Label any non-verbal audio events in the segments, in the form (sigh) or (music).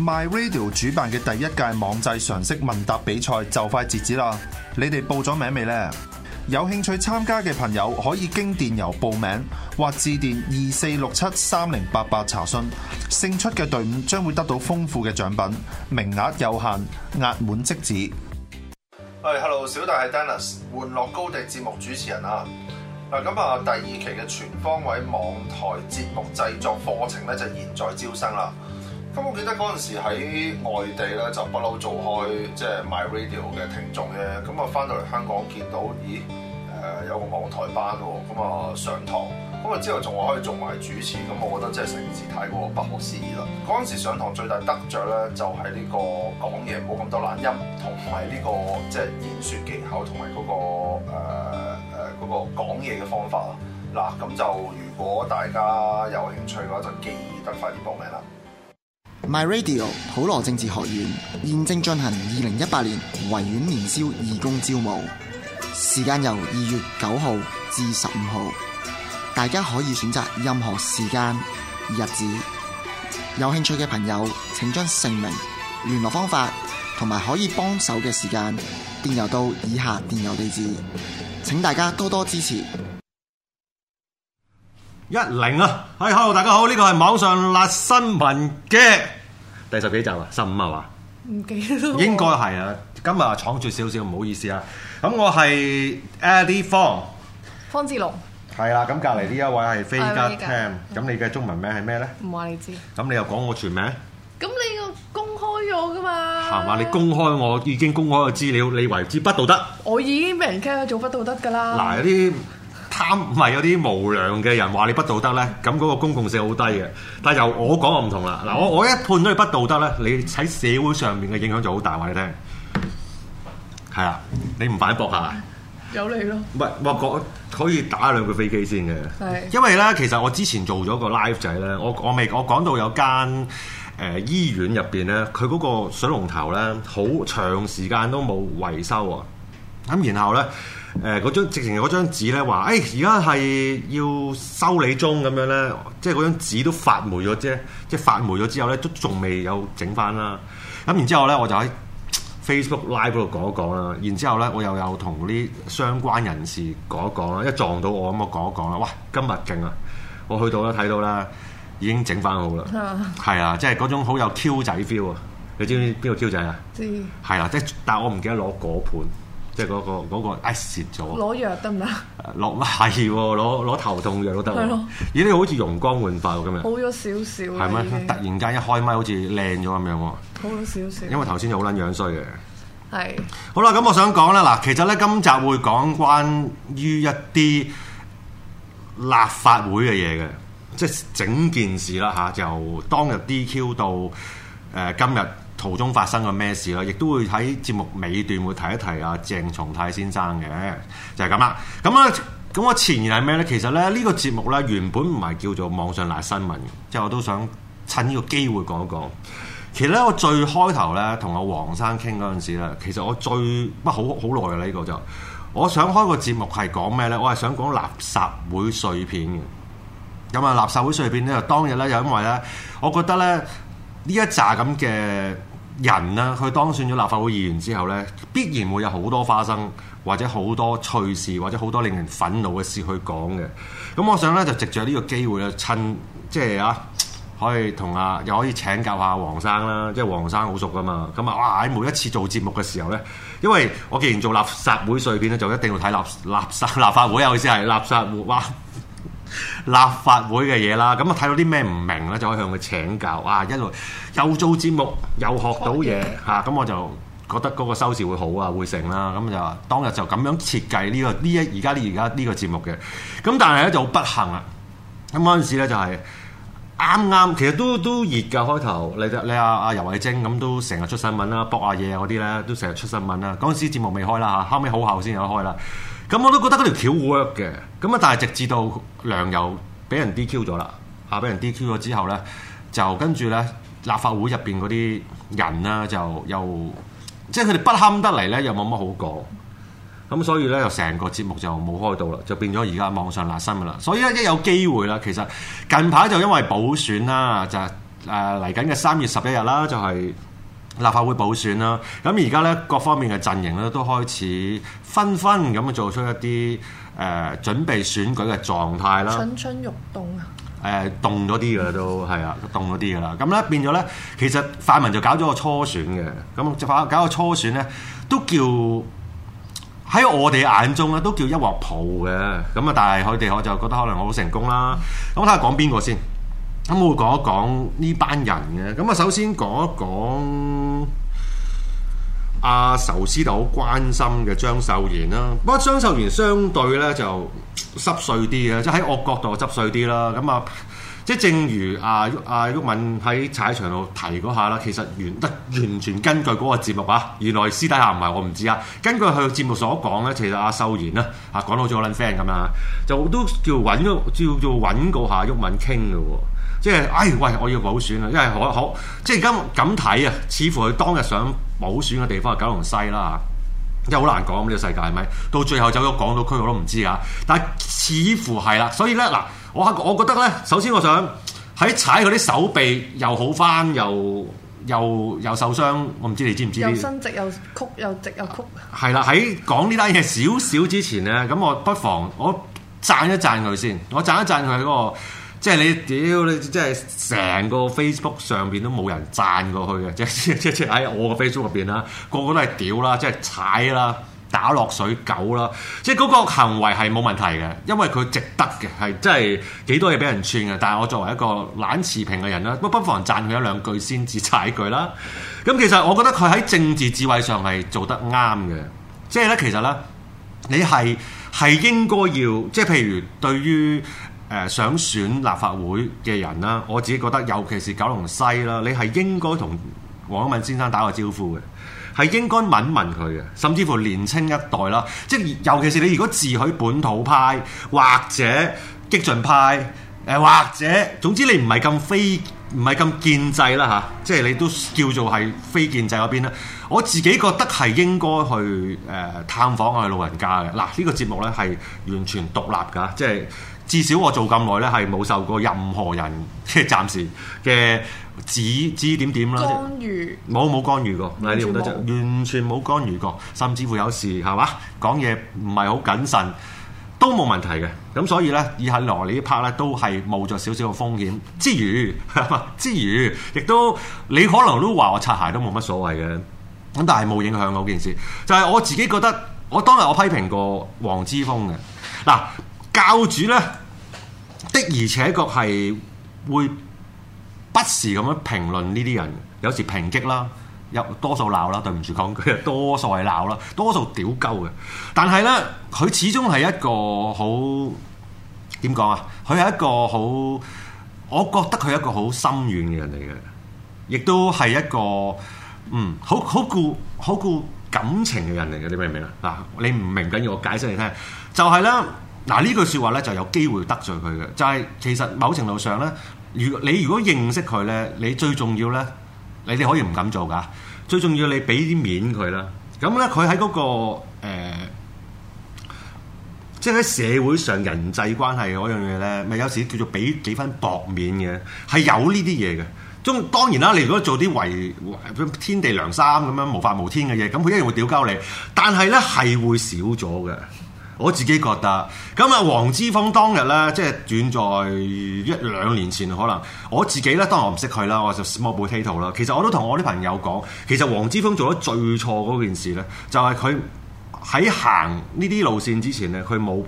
My Radio 主辦嘅第一屆網際常識問答比賽就快截止啦！你哋報咗名未呢？有興趣參加嘅朋友可以經電郵報名或致電二四六七三零八八查詢。勝出嘅隊伍將會得到豐富嘅獎品，名額有限，額滿即止。喂，hey，Hello，小弟係 Dennis，玩樂高地節目主持人啊。嗱，咁啊，第二期嘅全方位網台節目製作課程咧就現在招生啦。咁我記得嗰陣時喺外地咧就不嬲做開即係 My Radio 嘅聽眾嘅。咁啊翻到嚟香港見到，咦誒有個網台班喎，咁、嗯、啊上堂，咁、嗯、啊之後仲可以做埋主持，咁、嗯、我覺得即係成件事太過不可思議啦！嗰陣時上堂最大得着咧就係、是、呢個講嘢冇咁多懶音，同埋呢個即係、就是、演說技巧，同埋嗰個誒誒嗰個講嘢嘅方法啦。嗱、嗯，咁就如果大家有興趣嘅話，就記得快啲報名啦。My Radio 普羅政治學院現正進行二零一八年維園年宵義工招募，時間由二月九號至十五號，大家可以選擇任何時間日子。有興趣嘅朋友，請將姓名、聯絡方法同埋可以幫手嘅時間電郵到以下電郵地址。請大家多多支持。一零啊，嗨，hello，大家好，呢個係網上辣新聞嘅第十幾集啊，十五係嘛？唔記得都應該係啊，今日啊闖住少少，唔好意思啊。咁我係 Addie 方，方志龍，係啦。咁隔離呢一位係 Vega Tam，咁你嘅中文名係咩咧？唔話你知。咁你又講我全名？咁你個公開咗噶嘛？係嘛？你公開我已經公開嘅資料，你為之不道德。我已經俾人 catch 咗做不道德㗎啦。嗱，有啲。三唔係有啲無良嘅人話你不道德咧，咁嗰個公共性好低嘅。但係由我講就唔同啦。嗱，我我一判咗佢不道德咧，你喺社會上面嘅影響就好大。話你聽，係啊，你唔反駁下？有你咯。唔係，我講可以打兩個飛機先嘅。係的。因為咧，其實我之前做咗個 live 仔咧，我我未我講到有間誒、呃、醫院入邊咧，佢嗰個水龍頭咧，好長時間都冇維修啊。咁然後咧，誒嗰張直情嗰張紙咧話，誒而家係要修理中咁樣咧，即係嗰張紙都發霉咗啫，即係發霉咗之後咧，都仲未有整翻啦。咁然之後咧，我就喺 Facebook Live 嗰度講一講啦。然之後咧，我又有同啲相關人士講一講啦，一撞到我咁我講一講啦。哇，今日勁啊！我去到啦，睇到啦，已經整翻好啦。係啊，即係嗰種好有 Q 仔 feel 啊！你知唔知邊個 Q 仔是啊？知係啊，即係但我唔記得攞果盤。即係嗰個嗰個唉蝕咗。攞藥得唔得？攞係攞，攞頭痛藥攞得。係咯。咦？你好似容光煥發喎， (laughs) 今日。好咗少少。係咩？突然間一開麥好似靚咗咁樣喎。好咗少少。因為頭先好撚樣衰嘅。係。好啦，咁我想講啦，嗱，其實咧今集會講關於一啲立法會嘅嘢嘅，即係整件事啦吓，就當日 DQ 到誒今日。途中發生咗咩事啦？亦都會喺節目尾段會提一提阿鄭松泰先生嘅，就係咁啦。咁啊，咁我前言係咩呢？其實咧呢、呢個節目呢，原本唔係叫做網上辣新聞嘅，即係我都想趁呢個機會講一講。其實呢，我最開頭呢，同阿黃生傾嗰陣時咧，其實我最不好好耐啦呢個就，我想開個節目係講咩呢？我係想講垃圾會碎片嘅。咁、嗯、啊垃圾會碎片呢，就當日呢，就因為呢，我覺得呢，呢一扎咁嘅。人啦、啊，佢當選咗立法會議員之後呢，必然會有好多花生，或者好多趣事，或者好多令人憤怒嘅事去講嘅。咁、嗯、我想呢，就藉住呢個機會咧，趁即係啊，可以同啊又可以請教下黃生啦，即係黃生好熟㗎嘛。咁、嗯、啊，哇！每一次做節目嘅時候呢，因為我既然做垃圾會碎片咧，就一定要睇垃垃圾立法會啊，意思係垃圾會哇。立法會嘅嘢啦，咁啊睇到啲咩唔明咧，就可以向佢請教。哇、啊，一路又做節目，又學到嘢吓，咁、啊、我就覺得嗰個收視會好啊，會成啦、啊。咁就當日就咁樣設計、這個、呢個呢一而家呢而家呢個節目嘅。咁但係咧就好不幸啊。咁嗰陣時咧就係啱啱，其實都都熱嘅開頭。你你阿阿游蕙禎咁都成日出新聞啦，卜下嘢嗰啲咧都成日出新聞啦。嗰陣時節目未開啦吓，後尾好後先有得開啦。咁、嗯、我都覺得嗰條橋 work 嘅，咁啊但係直至到梁游俾人 DQ 咗啦，嚇、啊、俾人 DQ 咗之後咧，就跟住咧立法會入邊嗰啲人啦，就又即係佢哋不堪得嚟咧，又冇乜好講，咁、嗯、所以咧又成個節目就冇開到啦，就變咗而家網上辣辛噶啦，所以咧一有機會啦，其實近排就因為補選啦，就誒嚟緊嘅三月十一日啦，就係、是。立法會補選啦，咁而家咧各方面嘅陣營咧都開始紛紛咁啊做出一啲誒、呃、準備選舉嘅狀態啦，蠢蠢欲動啊！誒、呃，動咗啲嘅都係啊，動咗啲嘅啦。咁咧變咗咧，其實泛民就搞咗個初選嘅，咁就搞搞個初選咧，都叫喺我哋眼中咧都叫一鑊蒲嘅。咁啊，但係佢哋我就覺得可能我好成功啦。咁睇下講邊個先，咁我會講一講呢班人嘅。咁啊，首先講一講。阿壽司就好關心嘅張秀賢啦，不過張秀賢相對咧就濕碎啲啊，即喺我角度濕碎啲啦。咁啊，即正如阿阿鬱敏喺踩場度提嗰下啦，其實完得完全根據嗰個節目啊，原來私底下唔係我唔知啊。根據佢節目所講咧，其實阿秀賢啦啊，講到最撚 friend 咁啊，就都叫揾叫叫做揾個下鬱敏傾嘅，即係唉喂，我要補選啊，因為好好，即係今咁睇啊，似乎佢當日想。冇選嘅地方係九龍西啦嚇，真好難講呢個世界咪，到最後走咗港島區我都唔知㗎，但係似乎係啦，所以咧嗱，我我覺得咧，首先我想喺踩佢啲手臂又好翻，又又又受傷，我唔知你知唔知、呢個？又伸直又曲，又直又曲。係啦，喺講呢單嘢少少之前咧，咁我不妨我贊一贊佢先，我贊一贊佢嗰個。即係你屌你，即係成個 Facebook 上邊都冇人讚過佢嘅，即係即係喺我個 Facebook 入邊啦，個個都係屌啦，即係踩啦，打落水狗啦。即係嗰個行為係冇問題嘅，因為佢值得嘅，係真係幾多嘢俾人串嘅。但係我作為一個懶持平嘅人啦，不不妨讚佢一兩句先至踩佢啦。咁其實我覺得佢喺政治智慧上係做得啱嘅。即係咧，其實咧，你係係應該要，即係譬如對於。誒想選立法會嘅人啦，我自己覺得，尤其是九龍西啦，你係應該同黃敏先生打個招呼嘅，係應該問問佢嘅，甚至乎年青一代啦，即係尤其是你如果自許本土派或者激進派，誒或者總之你唔係咁非唔係咁建制啦吓，即係你都叫做係非建制嗰邊啦。我自己覺得係應該去誒探訪下老人家嘅。嗱，呢個節目咧係完全獨立㗎，即係。至少我做咁耐咧，係冇受過任何人即係暫時嘅指指點點啦。干預，冇冇干預過，完全冇干預過，甚至乎有時係嘛講嘢唔係好謹慎，都冇問題嘅。咁所以咧，以下嚟呢一 part 咧都係冒著少少嘅風險之，之餘之餘亦都你可能都話我擦鞋都冇乜所謂嘅，咁但係冇影響嘅件事。就係、是、我自己覺得，我當日我批評過黃之鋒嘅嗱教主咧。而且，的確係會不時咁樣評論呢啲人，有時抨擊啦，有多數鬧啦，對唔住講句，多數係鬧啦，多數屌鳩嘅。但係呢，佢始終係一個好，點講啊？佢係一個好，我覺得佢係一個好心軟嘅人嚟嘅，亦都係一個嗯，好好顧好顧感情嘅人嚟嘅。你明唔明啊？嗱，你唔明緊要，我解釋你聽，就係咧。嗱，呢句説話咧，就有機會得罪佢嘅，就係其實某程度上咧，如你如果認識佢咧，你最重要咧，你哋可以唔敢做噶。最重要你俾啲面佢啦。咁咧，佢喺嗰個，即係喺社會上人際關係嗰樣嘢咧，咪有時叫做俾幾分薄面嘅，係有呢啲嘢嘅。中當然啦，你如果做啲違天地良心咁樣無法無天嘅嘢，咁佢一樣會屌鳩你。但係咧，係會少咗嘅。我自己覺得，咁啊，黃之鋒當日咧，即係遠在一兩年前，可能我自己咧，當然我唔識佢啦，我就 small potato 啦。其實我都同我啲朋友講，其實黃之鋒做咗最錯嗰件事咧，就係佢喺行呢啲路線之前咧，佢冇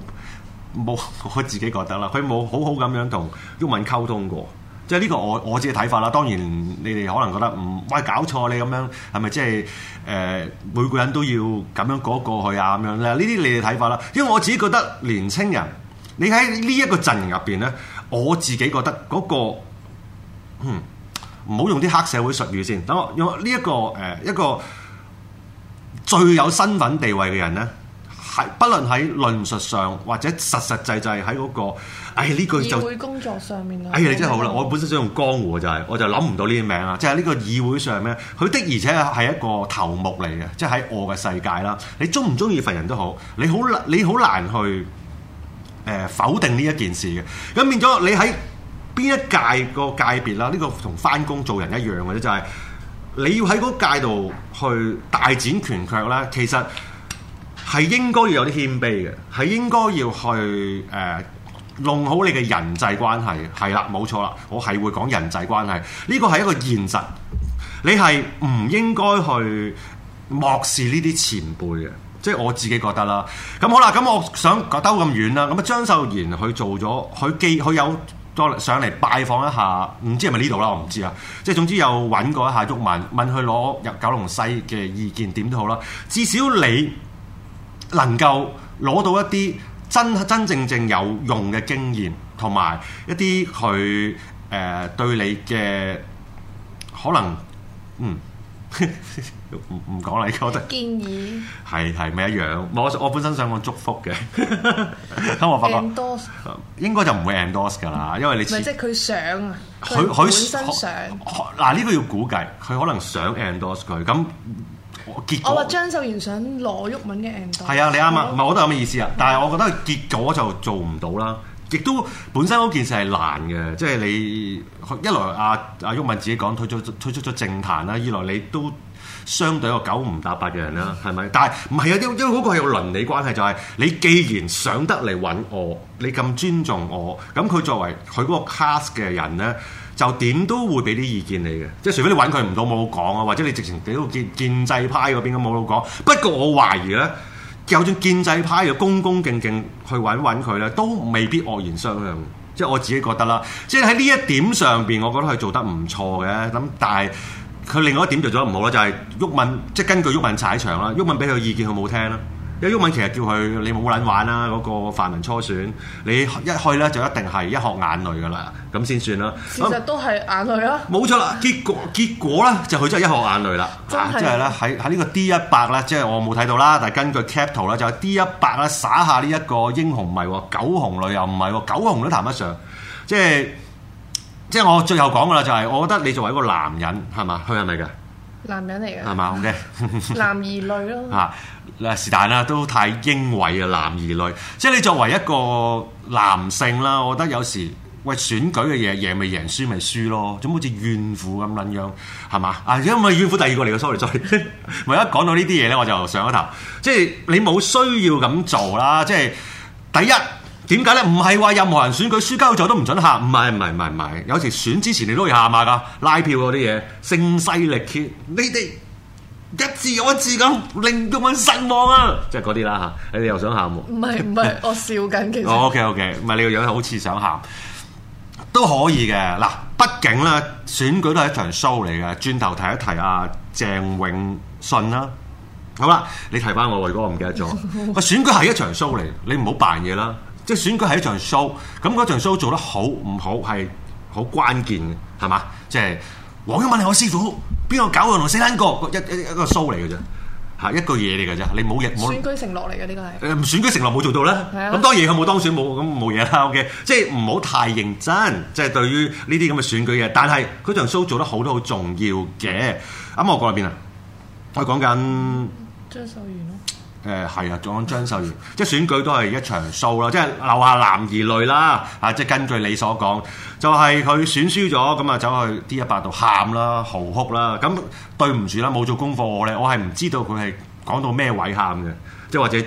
冇，我自己覺得啦，佢冇好好咁樣同鬱文溝通過。即係呢個我我自己睇法啦，當然你哋可能覺得唔，喂搞錯你咁樣係咪即係誒每個人都要咁樣過一過去啊咁樣咧？呢啲你哋睇法啦，因為我自己覺得年青人你喺呢一個陣營入邊咧，我自己覺得嗰個，嗯，唔好用啲黑社會術語先，等我用呢一個誒、呃、一個最有身份地位嘅人咧。係，不論喺論述上或者實實際際喺嗰個，呢句、這個、就議會工作上面哎你真係好啦，我本身想用江湖就係、是，我就諗唔到呢啲名啦。即係呢個議會上咩？佢的而且係一個頭目嚟嘅，即係喺我嘅世界啦。你鍾唔鍾意份人都好，你好難你好難去誒、呃、否定呢一件事嘅。咁變咗你喺邊一界個界別啦？呢、這個同返工做人一樣嘅啫，就係、是、你要喺嗰界度去大展拳腳啦。其實。係應該要有啲謙卑嘅，係應該要去誒、呃、弄好你嘅人際關係，係啦，冇錯啦，我係會講人際關係，呢個係一個現實，你係唔應該去漠視呢啲前輩嘅，即係我自己覺得啦。咁、嗯、好啦，咁、嗯、我想兜咁遠啦，咁、嗯、啊張秀賢佢做咗，佢既佢有當上嚟拜訪一下，唔知係咪呢度啦，我唔知啊。即係總之有揾過一下毓民，問佢攞入九龍西嘅意見點都好啦，至少你。能夠攞到一啲真真正正有用嘅經驗，同埋一啲佢誒對你嘅可能，嗯，唔唔講啦，你覺得建議係係咪一樣？我我本身想講祝福嘅，咁 (laughs) 我發覺 endorse 應該就唔會 endorse 㗎啦，因為你唔係即係佢想，佢佢本身想嗱呢、啊呢個要估計，佢可能想 endorse 佢咁。我話張秀賢想攞郁文嘅 ND，係啊，你啱啊，唔係我都咁嘅意思啊。但係我覺得結果就做唔到啦，亦都本身嗰件事係難嘅，即係你一來阿阿郁文自己講退出退出咗政壇啦，二來你都相對一個九唔搭八嘅人啦，係咪？但係唔係啊？因因為嗰個係有倫理關係，就係、是、你既然想得嚟揾我，你咁尊重我，咁佢作為佢嗰個 cast 嘅人咧。就點都會俾啲意見你嘅，即係除非你揾佢唔到冇好講啊，或者你直情俾到建建制派嗰邊咁冇好講。不過我懷疑咧，就算建制派嘅恭恭敬敬去揾揾佢咧，都未必惡言相向。即係我自己覺得啦，即係喺呢一點上邊，我覺得佢做得唔錯嘅。咁但係佢另外一點做得唔好咧，就係毓民，即係根據毓民踩場啦，毓民俾佢意見佢冇聽啦。有英文其實叫佢你冇捻玩啦，嗰、那個泛民初選，你一去咧就一定係一殼眼淚噶啦，咁先算啦。其實都係眼淚啦、啊。冇、嗯、錯啦，結果結果咧就佢真係一殼眼淚啦。即係咧喺喺呢個 D 一百咧，即係我冇睇到啦，但係根據 cap 圖咧就 D 一百咧撒下呢一個英雄唔係喎，狗熊、哦、類又唔係喎，狗熊都談不上。即係即係我最後講噶啦，就係我覺得你作為一個男人係嘛，佢係咪嘅？男人嚟嘅，係嘛？O K，男兒淚咯。嚇，嗱是但啦，都太英偉啊，男兒淚。即係你作為一個男性啦，我覺得有時喂選舉嘅嘢贏咪贏，輸咪輸咯。總好似怨婦咁撚樣係嘛？啊，因為怨婦第二個嚟嘅，sorry sorry。唯一講到呢啲嘢咧，我就上咗頭。即係你冇需要咁做啦。即係第一。點解咧？唔係話任何人選舉輸交咗都唔准喊，唔係唔係唔係唔係，有時選之前你都要喊下噶，拉票嗰啲嘢，聲嘶力竭，你哋一次又一次咁令人民失望啊！即係嗰啲啦吓，你哋又想喊、啊？唔係唔係，我笑緊其實 (laughs) okay, okay。O K O K，唔係你個樣好似想喊，都可以嘅。嗱，畢竟咧選舉都係一場 show 嚟嘅，轉頭提一提阿鄭永信啦。好啦，你提翻我，如果我唔記得咗，個 (laughs) 選舉係一場 show 嚟，你唔好扮嘢啦。即係選舉係一場 show，咁嗰場 show 做得好唔好係好關鍵嘅，係嘛？即係黃毓民係我師傅，邊個搞啊？羅生國一一,一,一個 show 嚟嘅啫，係一個嘢嚟嘅啫。你冇嘢、這個呃，選舉承諾嚟嘅呢個係。誒，選舉承諾冇做到啦。咁、啊、當然佢冇當選，冇咁冇嘢啦。OK，即係唔好太認真，即、就、係、是、對於呢啲咁嘅選舉嘅。但係嗰場 show 做得好都好重要嘅。啱我講入邊啊？我講緊張秀元咯。誒係、嗯、啊，仲張秀賢，即係選舉都係一場 show 啦，即係留下男兒淚啦，啊，即係根據你所講，就係、是、佢選輸咗，咁啊走去 D100 度喊啦、嚎哭啦，咁對唔住啦，冇做功課我咧，我係唔知道佢係講到咩位喊嘅，即係或者。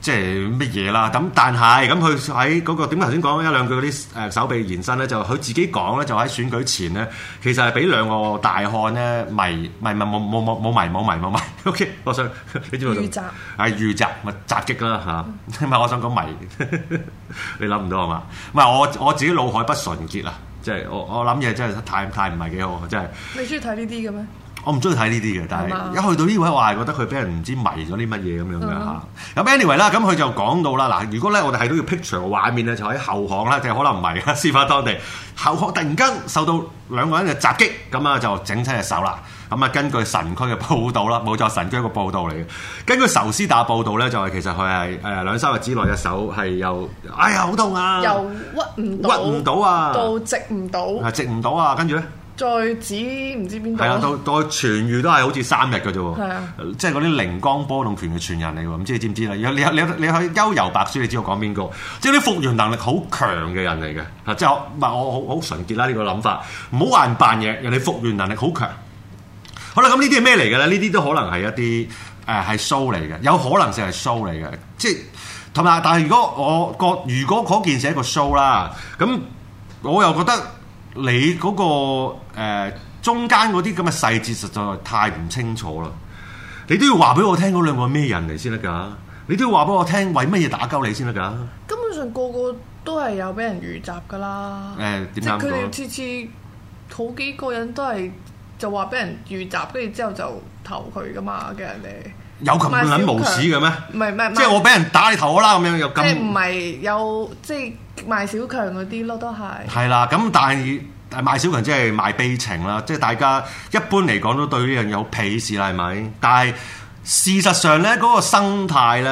即係乜嘢啦？咁但係咁，佢喺嗰個點解頭先講一兩句嗰啲誒手臂延伸咧，就佢自己講咧，就喺選舉前咧，其實係俾兩個大漢咧迷迷迷冇冇冇冇迷冇迷冇迷。O K，我想你知道，知啊？預襲預襲咪襲擊啦嚇，唔係我想講迷，你諗唔到係嘛？唔係 (noise) (noise) (noise) 我我自己腦海不純潔啊，即係我我諗嘢真係太太唔係幾好，真係。你中意睇呢啲嘅咩？我唔中意睇呢啲嘅，但係嗎一去到呢位話，係覺得佢俾人唔知迷咗啲乜嘢咁樣嘅嚇。咁、uh huh. anyway 啦，咁佢就講到啦。嗱，如果咧我哋係都要 picture 個畫面咧，就喺後巷啦，就可能唔係啦，司法當地後巷突然間受到兩個人嘅襲擊，咁啊就整親隻手啦。咁啊根據神區嘅報道啦，冇錯，神區一個報道嚟嘅。根據仇師打報道咧，就係、是、其實佢係誒兩三日之內隻手係又哎呀好痛啊，又屈唔到屈唔到啊，到直唔到，係直唔到啊，跟住咧、啊。再指唔知邊個？係啊，到到痊愈都係好似三日嘅啫，係啊、即係嗰啲靈光波動拳嘅傳人嚟喎。唔知你知唔知啦？你有你你你可以悠遊白書，你知道我講邊個？即係啲復原能力好強嘅人嚟嘅。即係我唔係我好好純潔啦呢、呢個諗法。唔好話人扮嘢，人哋復原能力好強。好啦，咁呢啲係咩嚟嘅咧？呢啲都可能係一啲誒係 show 嚟嘅，有可能性係 show 嚟嘅。即係同埋，但係如果我覺如果嗰件事係一個 show 啦，咁我又覺得。你嗰、那個、呃、中間嗰啲咁嘅細節實在太唔清楚啦！你都要話俾我聽嗰兩個咩人嚟先得㗎？你都要話俾我聽為乜嘢打鳩你先得㗎？根本上個個都係有俾人遇襲噶啦！誒、欸，點解即係佢哋次次好幾個人都係就話俾人遇襲，跟住之後就投佢噶嘛嘅人哋。有咁撚無恥嘅咩？唔係，唔係，即係我俾人打你頭啦，咁樣又咁。即係唔係有即係賣小強嗰啲咯，都係。係啦，咁但係賣小強即係賣悲情啦，即係大家一般嚟講都對呢樣有鄙視啦，係咪？但係事實上咧，嗰個生態咧，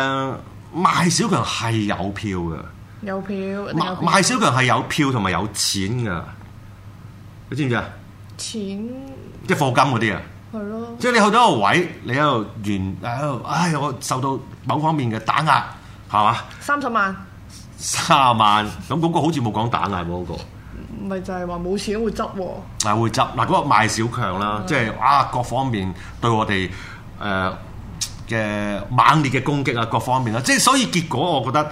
賣小強係有票嘅。有票。賣小強係有票同埋有錢嘅，你知唔知啊？錢。即係課金嗰啲啊！係咯，即係你去到一個位，你喺度完，喺度，唉，我受到某方面嘅打壓，係嘛？三十萬，卅萬，咁嗰個好似冇講打壓喎嗰個。唔係就係話冇錢會執喎。係會執嗱，嗰個賣小強啦，即係、 (laughs) 就是、啊，各方面對我哋誒嘅猛烈嘅攻擊啊，各方面啦，即係所以結果，我覺得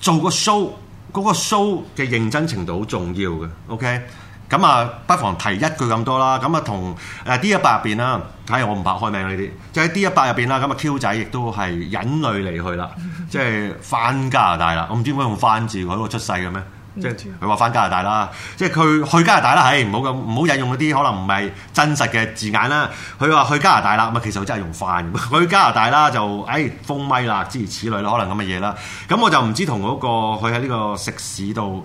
做個 show 嗰個 show 嘅認真程度好重要嘅，OK？咁啊，不妨提一句咁多啦。咁啊，同誒 D 一百入邊啦，睇下我唔白開名呢啲。就喺、是、D 一百入邊啦，咁啊 Q 仔亦都係忍淚離去啦， (laughs) 即係返加拿大啦。我唔知點解用返字，佢嗰個出世嘅咩？ (laughs) 即係佢話返加拿大啦，即係佢去，去加拿大啦。唉，唔好咁，唔好引用嗰啲可能唔係真實嘅字眼啦。佢話去加拿大啦，咁啊其實佢真係用返去加拿大啦，就、哎、唉封咪啦，諸如此類啦，可能咁嘅嘢啦。咁我就唔知同嗰、那個佢喺呢個食肆度。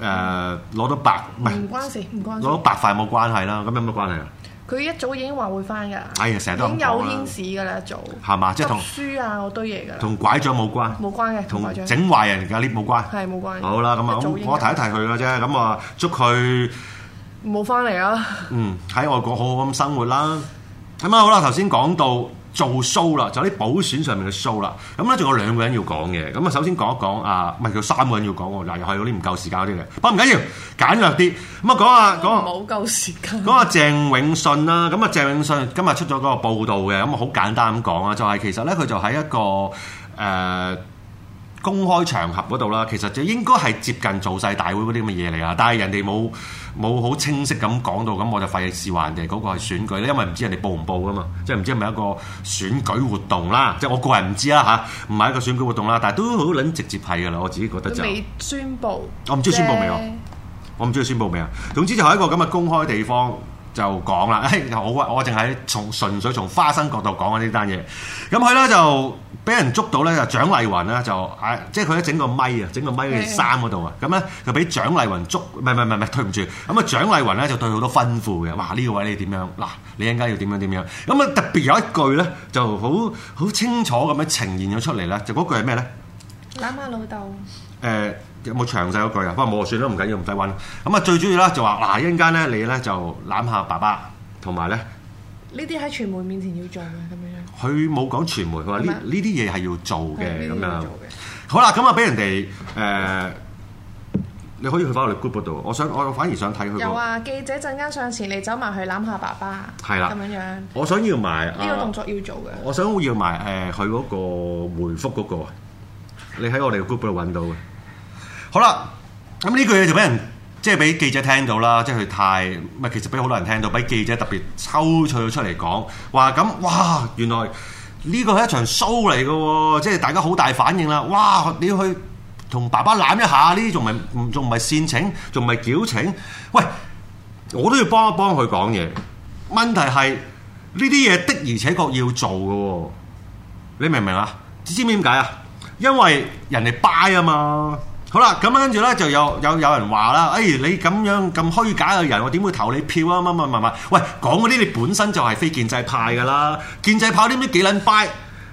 誒，攞到白，唔係攞到白塊冇關係啦，咁有乜關係啊？佢一早已經話會翻噶，成日都已經有天使噶啦，一早，係嘛？即係讀書啊，好多嘢噶，同拐杖冇關，冇關嘅，同整壞人而家呢冇關，係冇關。好啦，咁啊，我提一提佢嘅啫，咁啊，祝佢冇翻嚟啊！嗯，喺外國好好咁生活啦。咁啊，好啦，頭先講到。做騷啦，就啲補選上面嘅騷啦。咁咧仲有兩個人要講嘅，咁啊首先講一講啊，唔係叫三個人要講喎，嗱、啊、又係嗰啲唔夠時間嗰啲嘅，不過唔緊要，簡略啲。咁啊講下講下冇夠時間、啊，講下鄭永信啦。咁啊鄭永信、啊、今日出咗嗰個報道嘅，咁啊好簡單咁講啊，就係、是、其實咧佢就喺一個誒，呃公開場合嗰度啦，其實就應該係接近造勢大會嗰啲咁嘅嘢嚟啊，但係人哋冇冇好清晰咁講到，咁我就費事話人哋嗰個係選舉咧，因為唔知人哋報唔報噶嘛，即係唔知係咪一個選舉活動啦，即係我個人唔知啦吓，唔係一個選舉活動啦，但係都好撚直接係噶啦，我自己覺得就未宣佈即，我唔知宣佈未啊，我唔知佢宣佈未啊，總之就係一個咁嘅公開地方。就講啦，嘿、哎，我我淨係從純粹從花生角度講啊、嗯、呢單嘢，咁佢咧就俾人捉到咧，就蔣麗芸咧就，唉、啊，即係佢一整個咪啊，整個咪去衫嗰度啊，咁咧 Okay.、嗯嗯、就俾蔣麗芸捉，唔係唔係唔係，對唔住，咁、嗯、啊蔣麗芸咧就對好多吩咐嘅，哇呢、呢個位你點樣，嗱、啊、你應該要點樣點樣，咁、嗯、啊特別有一句咧就好好清楚咁樣呈現咗出嚟啦，就嗰句係咩咧？攬下老豆。誒、呃。有冇詳細嗰句啊？不過冇就算啦，唔緊要，唔使揾。咁啊，最主要啦，就話嗱，一陣間咧你咧就攬下爸爸，同埋咧呢啲喺傳媒面前要做嘅咁樣。佢冇講傳媒，佢話呢呢啲嘢係要做嘅咁樣。做好啦，咁啊俾人哋誒、呃，你可以去翻我哋 group 度。我想我反而想睇佢。有啊，記者陣間上前嚟走埋去攬下爸爸。係啦，咁樣樣。我想要埋呢個動作要做嘅。我想要埋誒佢嗰個回覆嗰、嗰個，你喺我哋 group 度揾到嘅。好啦，咁呢句嘢就俾人即係俾記者聽到啦，即係佢太唔係，其實俾好多人聽到，俾記者特別抽取咗出嚟講，話咁哇，原來呢個係一場 show 嚟嘅。即係大家好大反應啦，哇，你要去同爸爸攬一下呢啲，仲唔係唔仲唔係煽情，仲唔係矯情？喂，我都要幫一幫佢講嘢。問題係呢啲嘢的而且確要做嘅，你明唔明啊？知唔知點解啊？因為人哋 buy 啊嘛。好啦，咁樣跟住咧就有有有人話啦，誒、哎、你咁樣咁虛假嘅人，我點會投你票啊？乜乜乜乜，喂，講嗰啲你本身就係非建制派噶啦，建制派啲咩幾撚拜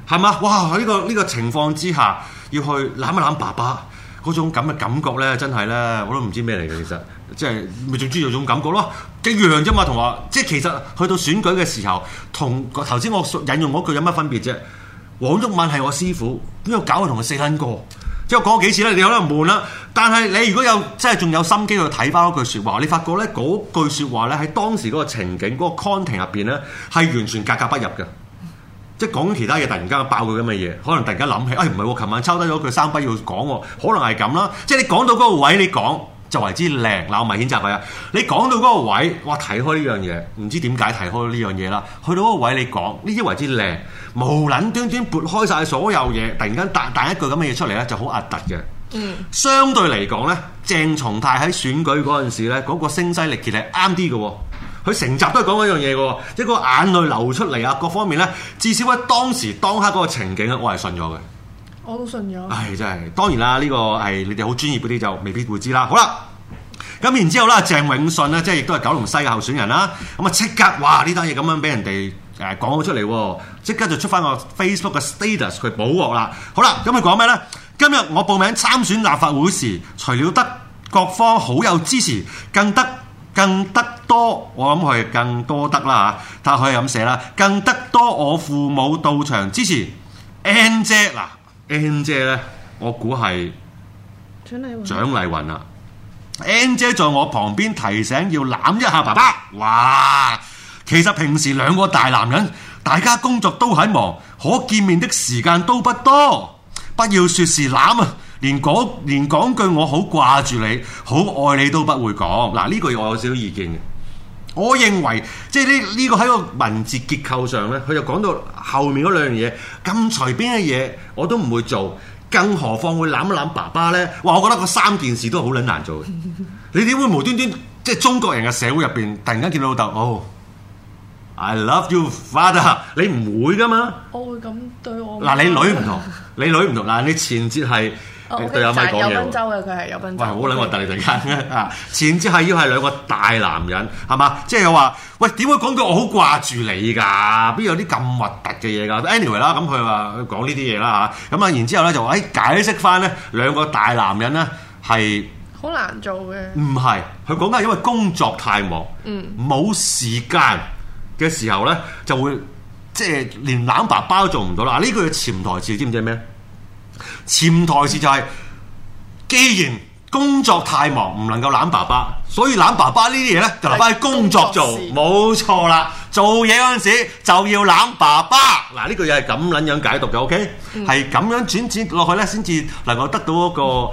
係嘛？哇！喺、呢個呢、呢個情況之下，要去攬一攬爸爸嗰種咁嘅感覺咧，真係咧，我都唔知咩嚟嘅，其實即係咪仲之中有種感覺咯，一樣啫嘛，同學。即係其實去到選舉嘅時候，同頭先我引用嗰句有乜分別啫？黃毓民係我師傅，邊個搞我同佢死撚過？即係講幾次咧，你可能唔悶啦。但係你如果有即係仲有心機去睇翻嗰句説話，你發覺咧嗰句説話咧喺當時嗰個情景嗰、嗰個 context 入邊咧係完全格格不入嘅。即係講其他嘢，突然間爆佢咁嘅嘢，可能突然間諗起，哎，唔係我琴晚抽低咗佢三筆要講、啊，可能係咁啦。即係你講到嗰個位，你講。就為之靚，嗱，我咪譴責佢啊！你講到嗰個位，哇睇開呢樣嘢，唔知點解睇開呢樣嘢啦。去到嗰個位你講，呢啲為之靚，冇撚端端撥開晒所有嘢，突然間彈彈一句咁嘅嘢出嚟咧，就好核突嘅。嗯，相對嚟講咧，鄭松泰喺選舉嗰陣時咧，嗰、嗰個聲勢力竭係啱啲嘅，佢成集都係講一樣嘢嘅，即、那、係個眼淚流出嚟啊，各方面咧，至少喺當時當刻嗰個情景咧，我係信咗嘅。我都信咗。唉，真係，當然啦，呢個係你哋好專業嗰啲就未必會知啦。好啦，咁然之後啦，鄭永信咧，即係亦都係九龍西嘅候選人啦。咁啊，即刻哇，呢單嘢咁樣俾人哋誒講咗出嚟，即刻就出翻個 Facebook 嘅 status 去補鑊啦。好啦，咁佢講咩咧？今日我報名參選立法會時，除了得各方好友支持，更得更得多，我諗佢更多得啦吓。但係可以咁寫啦，更得多我父母到場支持。Angel 嗱。N 姐呢？我估係蔣麗芸啊。N 姐在我旁邊提醒要攬一下爸爸，哇！其實平時兩個大男人，大家工作都好忙，可見面的時間都不多，不要說是攬啊，連講連講句我好掛住你、好愛你都不會講。嗱，呢句我有少少意見嘅。我認為即係呢呢個喺個文字結構上呢，佢就講到後面嗰兩樣嘢，咁隨便嘅嘢我都唔會做，更何況會攬一攬爸爸呢？哇！我覺得嗰三件事都好撚難做 (laughs) 你點會無端端即係中國人嘅社會入邊，突然間見到老豆？哦、oh，I love you, father！你唔會噶嘛？我會咁對我嗱，你女唔同， (laughs) 同，你女唔同嗱，你前節係。佢有麥講嘢，喂，好撚核突你突然間啊！然之後係要係兩個大男人係嘛？即係話，喂，點會講到我好掛住你㗎？邊有啲咁核突嘅嘢㗎？Anyway 啦，咁佢話講呢啲嘢啦嚇，咁啊，然之後咧就話誒解釋翻咧兩個大男人咧係好難做嘅，唔係佢講緊，因為工作太忙，嗯，冇時間嘅時候咧就會即係、就是、連懶爸爸都做唔到啦。呢、啊、句潛台詞知唔知係咩？潛台詞就係、是，既然工作太忙，唔能夠攬爸爸，所以攬爸爸呢啲嘢咧，就留翻喺工作做，冇錯啦。做嘢嗰陣時就要攬爸爸。嗱呢、嗯、句又係咁捻樣解讀嘅，OK？係咁、嗯、樣轉轉落去咧，先至能夠得到一個誒、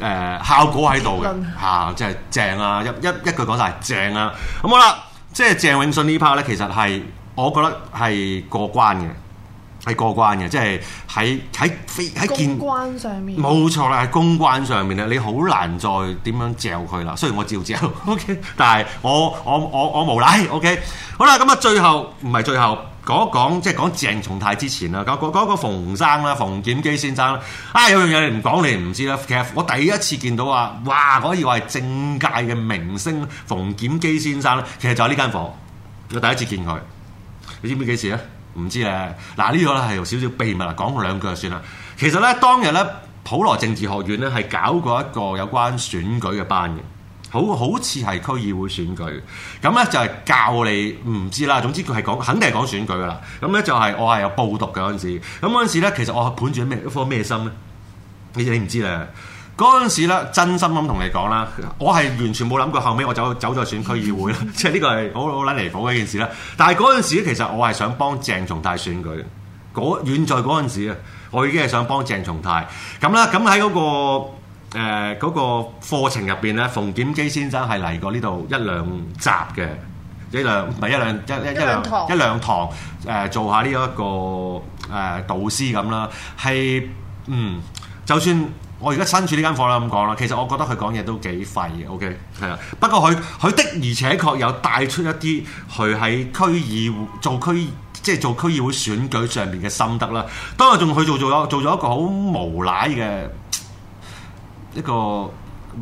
嗯呃、效果喺度嘅吓，即係論、啊啊、正啊！一一一句講晒正啊！咁、嗯、好啦，即係鄭永信呢 part 咧，其實係我覺得係過關嘅。係過關嘅，即係喺喺非喺關上面，冇錯啦，喺公關上面啦，你好難再點樣嚼佢啦。雖然我照嚼，OK，但係我我我我無賴，OK，好啦，咁啊，最後唔係最後講一講，即係講鄭松泰之前啦，講講講個馮生啦，馮檢基先生啦，啊、哎，有樣嘢你唔講你唔知啦。其實我第一次見到啊，哇，可以話係政界嘅明星馮檢基先生咧，其實就喺呢間房，我第一次見佢，你知唔知幾時啊？唔知啊！嗱呢個咧係有少少秘密啊，講過兩句就算啦。其實咧當日咧普羅政治學院咧係搞過一個有關選舉嘅班嘅，好好似係區議會選舉。咁咧就係、是、教你唔知啦。總之佢係講，肯定係講選舉㗎啦。咁咧就係我係有報讀嘅嗰陣時。咁嗰陣時咧，其實我係盤住咩一顆咩心咧？你你唔知啦。嗰陣時咧，真心咁同你講啦，我係完全冇諗過後尾我走走咗選區議會啦， (laughs) 即係呢個係好好撚離譜嘅一件事啦。但係嗰陣時其實我係想幫鄭松泰選舉，嗰遠在嗰陣時啊，我已經係想幫鄭松泰咁啦。咁喺嗰個誒嗰、呃嗰個、課程入邊咧，馮檢基先生係嚟過呢度一兩集嘅，一兩唔係一兩一一,一兩一兩堂誒、呃，做下呢、呢、一個誒、呃、導師咁啦。係嗯，就算。我而家身處呢間房啦，咁講啦。其實我覺得佢講嘢都幾廢嘅，OK，係啊。不過佢佢的而且確有帶出一啲佢喺區議做區即係做區議會選舉上面嘅心得啦。當日仲佢做做咗做咗一個好無賴嘅一個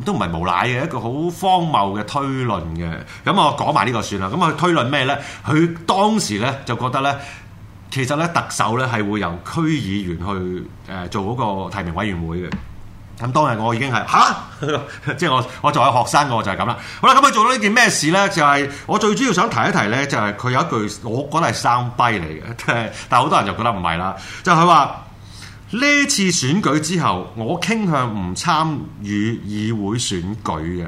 都唔係無賴嘅一個好荒謬嘅推論嘅。咁我講埋呢個算啦。咁佢推論咩呢？佢當時呢，就覺得呢，其實呢，特首呢係會由區議員去誒、呃、做嗰個提名委員會嘅。咁當日我已經係吓？ (laughs) 即係我我作為學生，我就係咁啦。好啦，咁佢做咗呢件咩事咧？就係、是、我最主要想提一提咧，就係佢有一句我覺得係 soundbite 嚟嘅， (laughs) 但係好多人就覺得唔係啦。就係佢話呢次選舉之後，我傾向唔參與議會選舉嘅。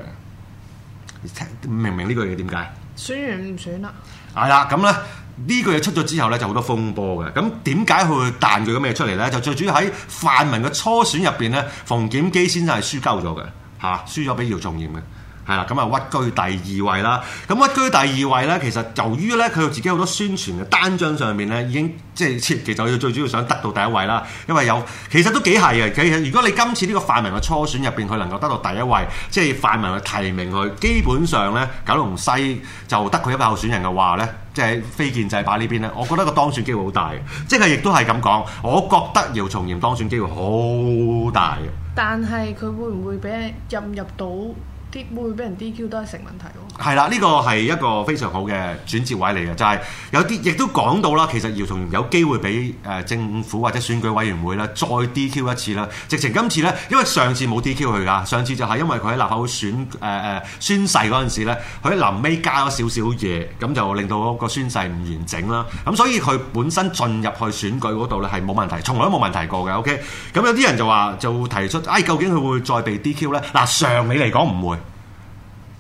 聽，明唔明呢句嘢點解？選完唔選啦？係啦，咁咧。呢句嘢出咗之後呢，就好多風波嘅。咁點解佢彈佢個咩出嚟呢？就最主要喺泛民嘅初選入面呢，馮檢基先生係輸鳩咗嘅，嚇、啊，輸咗俾姚松炎嘅。係啦，咁啊屈居第二位啦。咁屈居第二位咧，其實由於咧佢自己好多宣傳嘅單張上面咧，已經即係其實要最主要想得到第一位啦。因為有其實都幾係嘅。其實如果你今次呢個泛民嘅初選入邊佢能夠得到第一位，即係泛民去提名佢，基本上咧九龍西就得佢一位候選人嘅話咧，即係非建制派呢邊咧，我覺得個當選機會好大。即係亦都係咁講，我覺得姚松炎當選機會好大。但係佢會唔會俾人入唔入到？啲會俾人 DQ 都係成問題喎。係啦，呢個係一個非常好嘅轉折位嚟嘅，就係、是、有啲亦都講到啦。其實姚松炎有機會俾誒政府或者選舉委員會啦再 DQ 一次啦。直情今次咧，因為上次冇 DQ 佢㗎，上次就係因為佢喺立法會宣誒、呃、宣誓嗰陣時咧，佢喺臨尾加咗少少嘢，咁就令到個宣誓唔完整啦。咁所以佢本身進入去選舉嗰度咧係冇問題，從來都冇問題過嘅。OK，咁有啲人就話就提出，哎，究竟佢會再被 DQ 咧？嗱，常理嚟講唔會。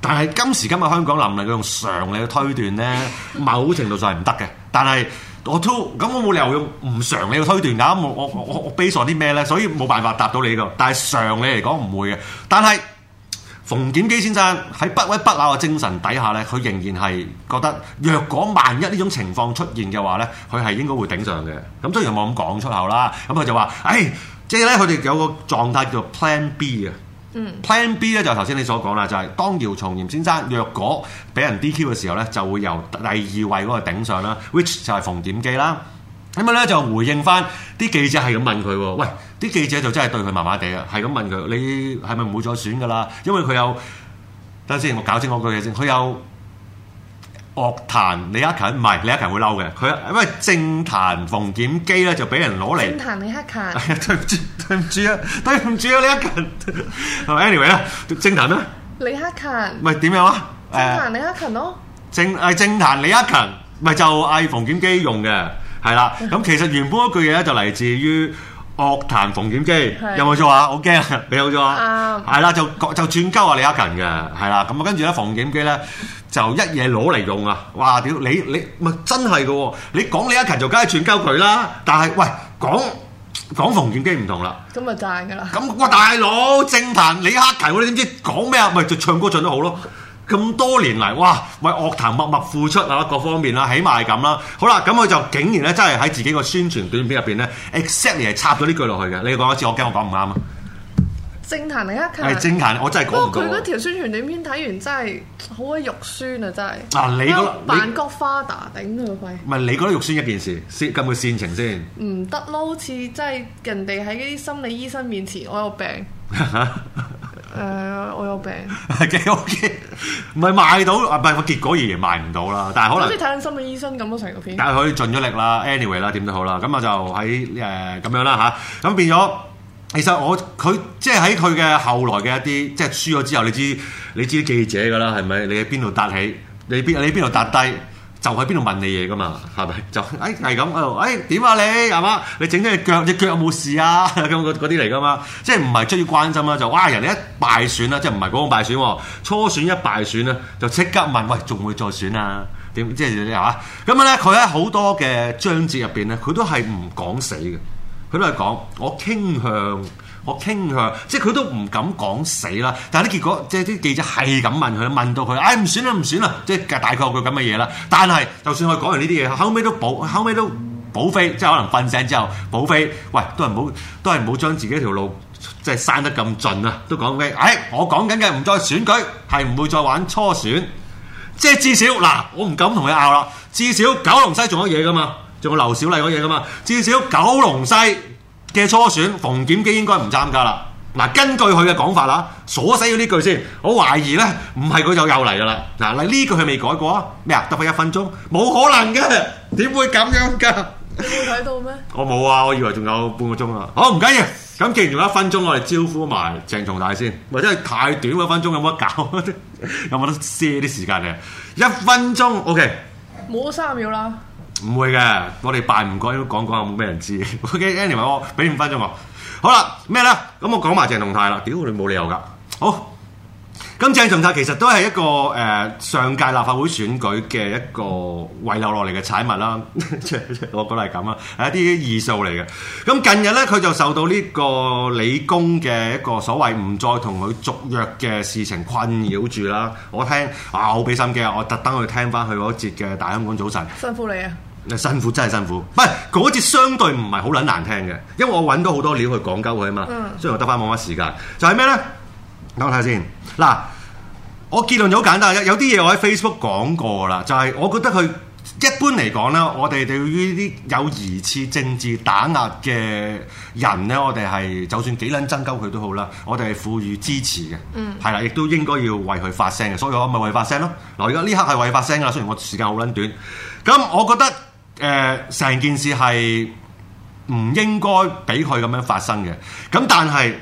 但係今時今日香港能唔能夠用常理去推斷呢，某程度上係唔得嘅。但係我都咁，我冇理由用唔常理去推斷噶。我我我我 base 喺啲咩呢？所以冇辦法答到你噶、這個。但係常理嚟講唔會嘅。但係馮檢基先生喺不屈不撓嘅精神底下呢，佢仍然係覺得，若果萬一呢種情況出現嘅話呢，佢係應該會頂上嘅。咁雖然冇咁講出口啦，咁佢就話：誒、哎，即係呢，佢哋有個狀態叫做 Plan B 啊。Plan B 咧，就頭先你所講啦，就係、是、當姚松炎先生若果俾人 DQ 嘅時候咧，就會由第二位嗰個頂上啦，which 就係馮檢基啦。咁樣咧，就回應翻啲記者係咁問佢喎，喂，啲記者就真係對佢麻麻地啊，係咁問佢，你係咪唔會再選噶啦？因為佢有等下先，我搞清我句嘢先，佢有。樂壇李克勤唔係李克勤會嬲嘅，佢因為政壇馮檢基咧就俾人攞嚟。政壇李克勤，對唔住對唔住啊對唔住啊李克勤，係咪？Anyway 啦，政壇啊，李克勤，唔係點樣啊？政壇李克勤咯，政係政壇李克勤，唔係就嗌馮檢基用嘅，係啦。咁其實原本一句嘢咧就嚟自於。樂壇馮檢基有冇錯啊？好驚，冇錯，係啦就，就轉交阿李克勤嘅，係啦，咁啊跟住咧馮檢基咧就一嘢攞嚟用啊！哇屌你你咪真係噶，你講李克勤就梗係轉交佢啦。但係喂，講講馮檢基唔同啦，咁咪讚噶啦。咁哇大佬政壇李克勤，我哋點知講咩啊？咪就唱歌唱得好咯。咁多年嚟，哇，為樂壇默默付出啦，各方面啦，起碼係咁啦。好啦，咁佢就竟然咧，真係喺自己個宣傳短片入面咧 (noise) ，exactly 係插咗呢句落去嘅。你講一次，我驚我講唔啱啊！.政壇另一角，係政壇，我真係講唔到佢嗰條宣傳短片睇完真係好鬼肉酸，肉酸啊！真係。嗱，你嗰扮角 father 頂到廢。唔係你覺得肉酸一件事，先咁嘅煽情先。唔得咯，好似真係人哋喺啲心理醫生面前，我有病。誒、 (laughs) 呃，我有病。係幾 OK？唔係賣到啊！唔係個結果而賣唔到啦。但係可能好似睇緊心理醫生咁都成個片但。但係佢盡咗力啦，anyway 啦，點都好啦。咁我就喺誒咁樣啦吓，咁變咗。其實我佢即係喺佢嘅後來嘅一啲，即係輸咗之後，你知你知啲記者噶啦，係咪？你喺邊度搭起？你邊你邊度搭低？就喺邊度問你嘢噶嘛？係咪？就誒係咁誒？點、哎哎、啊你係嘛？你整親隻腳，隻腳有冇事啊？咁嗰啲嚟噶嘛？即係唔係最要關心啦？就哇！人哋一敗選啦，即係唔係嗰個敗選、啊？初選一敗選咧，就即刻問：喂，仲會再選啊？點即係啲係咁樣咧，佢喺好多嘅章節入邊咧，佢都係唔講死嘅。佢都係講，我傾向，我傾向，即係佢都唔敢講死啦。但係啲結果，即係啲記者係咁問佢，問到佢，唉、哎、唔選啦，唔選啦，即係大概個咁嘅嘢啦。但係，就算佢講完呢啲嘢，後尾都補，後尾都補飛，即係可能瞓醒之後補飛。喂，都係唔好，都係唔好將自己條路即係刪得咁盡啊！都講緊，唉、哎，我講緊嘅唔再選舉，係唔會再玩初選，即係至少嗱，我唔敢同佢拗啦。至少九龍西仲有嘢噶嘛。仲有劉小麗嗰嘢，噶嘛？至少九龍西嘅初選，馮檢基應該唔參加啦。嗱、啊，根據佢嘅講法啦，鎖死咗呢句先，我懷疑咧，唔係佢就又嚟噶啦。嗱、啊，呢呢句佢未改過啊？咩啊？得翻一分鐘，冇可能噶，點會咁樣噶？你冇睇到咩？我冇啊，我以為仲有半個鐘啊。好，唔緊要，咁既然仲有一分鐘，我哋招呼埋鄭松泰先。或者太短嗰一分鐘有冇得搞？有冇得賒啲時間咧？一 (laughs) 分鐘，OK，冇三秒啦。唔會嘅，我哋扮唔該都講講有冇咩人知。OK，a n y w a y、anyway，我俾五分鐘好啦，咩咧？咁我講埋鄭同泰啦。屌，你冇理由噶。好，咁鄭同泰其實都係一個誒、呃、上屆立法會選舉嘅一個遺留落嚟嘅產物啦，嗯、 (laughs) 我覺得係咁啦，係一啲異數嚟嘅。咁近日咧，佢就受到呢個理工嘅一個所謂唔再同佢續約嘅事情困擾住啦。我聽，哇，好俾心機啊！我特登去聽翻佢嗰節嘅《大香港早晨》，辛苦你啊！辛苦真係辛苦，唔係嗰節相對唔係好撚難聽嘅，因為我揾到好多料去講鳩佢啊嘛，所以、嗯、我得翻冇乜時間，就係咩咧？諗睇先嗱，我結論咗好簡單嘅，有啲嘢我喺 Facebook 講過啦，就係、是、我覺得佢一般嚟講咧，我哋對於呢啲有疑似政治打壓嘅人咧，我哋係就算幾撚爭鳩佢都好啦，我哋係賦予支持嘅，嗯，係啦，亦都應該要為佢發聲嘅，所以我咪為佢發聲咯。嗱，而家呢刻係為佢發聲啦，雖然我時間好撚短，咁我覺得。誒，成、呃、件事係唔應該俾佢咁樣發生嘅。咁但係，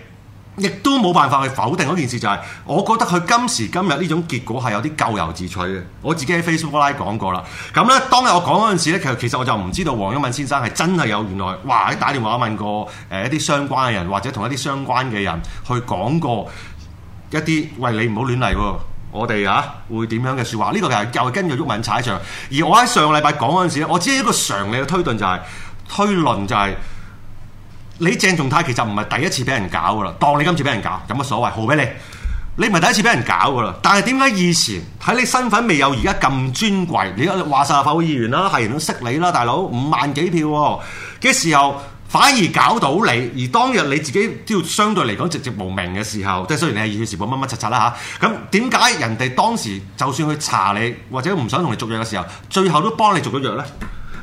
亦都冇辦法去否定嗰件事、就係，就係我覺得佢今時今日呢種結果係有啲咎由自取嘅。我自己喺 Facebook Live 講過啦。咁咧當日我講嗰陣時咧，其實其實我就唔知道黃一敏先生係真係有原來，哇！喺打電話問過誒一啲相關嘅人，或者同一啲相關嘅人去講過一啲，喂，你唔好亂嚟喎。我哋啊，會點樣嘅說話？呢、這個其實又跟住毓民踩場，而我喺上個禮拜講嗰陣時我只係一個常理嘅推論，就係推論就係、是就是、你鄭仲泰其實唔係第一次俾人搞噶啦，當你今次俾人搞有乜所謂？好俾你，你唔係第一次俾人搞噶啦，但係點解以前喺你身份未有而家咁尊貴，你話曬立法會議員啦，係人都識你啦，大佬五萬幾票嘅時候。反而搞到你，而當日你自己都要相對嚟講，籍籍無名嘅時候，即係雖然你係《二月時報》乜乜七七啦嚇，咁點解人哋當時就算去查你，或者唔想同你續約嘅時候，最後都幫你續咗約咧？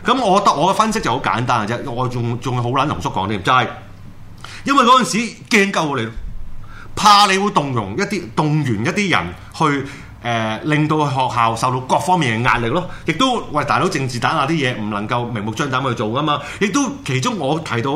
咁我覺得我嘅分析就好簡單嘅啫，我仲仲好撚同叔講添，就係、是、因為嗰陣時驚救你，怕你會動容一啲動員一啲人去。誒、呃、令到學校受到各方面嘅壓力咯，亦都喂大佬政治打壓啲嘢唔能夠明目張膽去做噶嘛，亦都其中我提到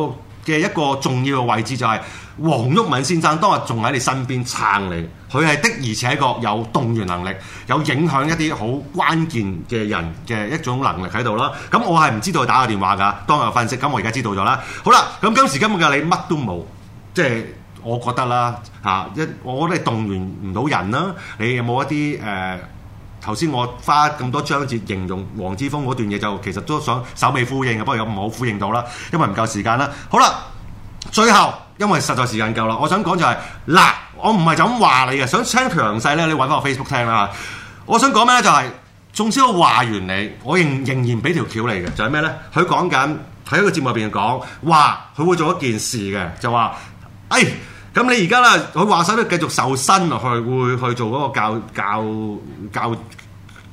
嘅一個重要嘅位置就係、是、黃毓民先生當日仲喺你身邊撐你，佢係的而且確有動員能力，有影響一啲好關鍵嘅人嘅一種能力喺度咯。咁我係唔知道打個電話噶，當日有分析，咁我而家知道咗啦。好啦，咁今時今日嘅你乜都冇，即係。我覺得啦，嚇、啊、一我覺得係動員唔到人啦。你有冇一啲誒頭先我花咁多章節形容黃之鋒嗰段嘢，就其實都想手尾呼應，不過又唔好呼應到啦，因為唔夠時間啦。好啦，最後因為實在時間夠、就是、啦，我想講就係嗱，我唔係就咁話你嘅，想聽詳細咧，你揾翻我 Facebook 聽啦。我想講咩咧，就係總之我話完你，我仍仍然俾條橋嚟嘅。就係咩咧？佢講緊喺一個節目入邊講，話佢會做一件事嘅，就話誒。哎咁你而家啦，佢話晒都繼續受薪啊，去會去做嗰個教教教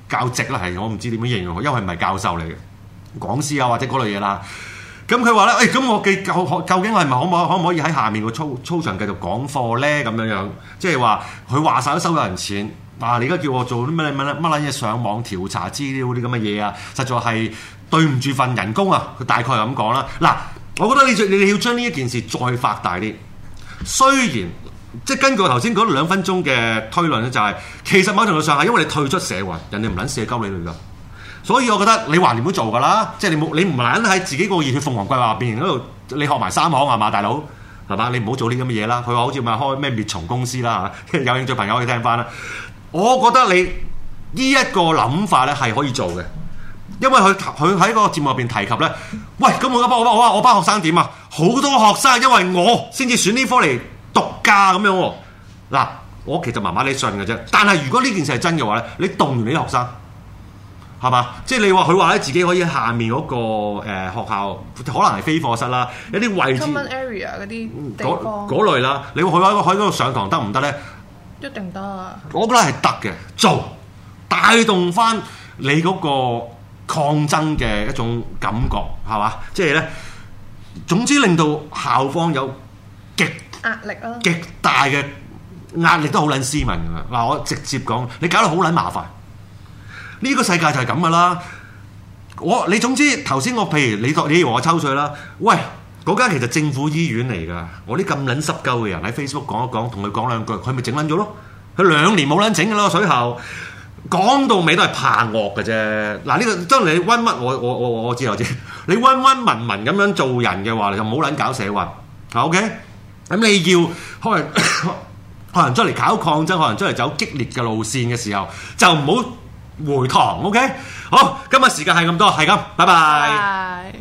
教職啦，係我唔知點樣形容，因為唔係教授嚟嘅，講師啊或者嗰類嘢啦、啊。咁佢話咧，誒、哎、咁我嘅可究，究竟係咪可唔可可唔可以喺下面個操操場繼續講課咧？咁樣樣，即係話佢話晒都收咗人錢，嗱、啊、你而家叫我做啲乜乜乜撚嘢上網調查資料啲咁嘅嘢啊，實在係對唔住份人工啊。佢大概係咁講啦。嗱、啊，我覺得你你你要將呢一件事再發大啲。雖然即係根據頭先嗰兩分鐘嘅推論咧，就係、是、其實某程度上係因為你退出社會，人哋唔撚社交理你哋噶，所以我覺得你橫掂唔做㗎啦，即係你冇你唔撚喺自己個熱血鳳凰貴話入邊嗰度，你學埋三行係嘛，大佬係嘛，你唔好做啲咁嘅嘢啦。佢話好似咪開咩滅蟲公司啦嚇， (laughs) 有興趣朋友可以聽翻啦。我覺得你呢一個諗法咧係可以做嘅。因為佢佢喺嗰個節目入邊提及咧，喂，咁我班我班我班學生點啊？好多學生因為我先至選呢科嚟讀噶咁樣喎、哦。嗱，我其實麻麻地信嘅啫。但係如果呢件事係真嘅話咧，你動完你啲學生係嘛？即係你話佢話咧自己可以喺下面嗰、那個誒、呃、學校，可能係非課室啦，有啲位置。Common area 嗰啲地方。嗰類啦，你話喺喺嗰度上堂得唔得咧？一定得。啊！我覺得係得嘅，做帶動翻你嗰、那個。抗爭嘅一種感覺，係嘛？即係咧，總之令到校方有極壓力咯、啊，極大嘅壓力都好撚斯文㗎啦。嗱，我直接講，你搞到好撚麻煩，呢個世界就係咁噶啦。我你總之頭先我譬如你當你又同我抽水啦，喂，嗰間其實政府醫院嚟㗎，我啲咁撚濕鳩嘅人喺 Facebook 講一講，同佢講兩句，佢咪整撚咗咯？佢兩年冇撚整㗎啦，水喉。講到尾都係怕惡嘅啫，嗱、啊、呢、這個將你温乜？我我我我知我知，你温温文文咁樣做人嘅話，你就唔好撚搞社運，OK。咁你要可能 (coughs) 可能出嚟搞抗爭，可能出嚟走激烈嘅路線嘅時候，就唔好回堂，OK。好，今日時間係咁多，係、就、咁、是，拜拜。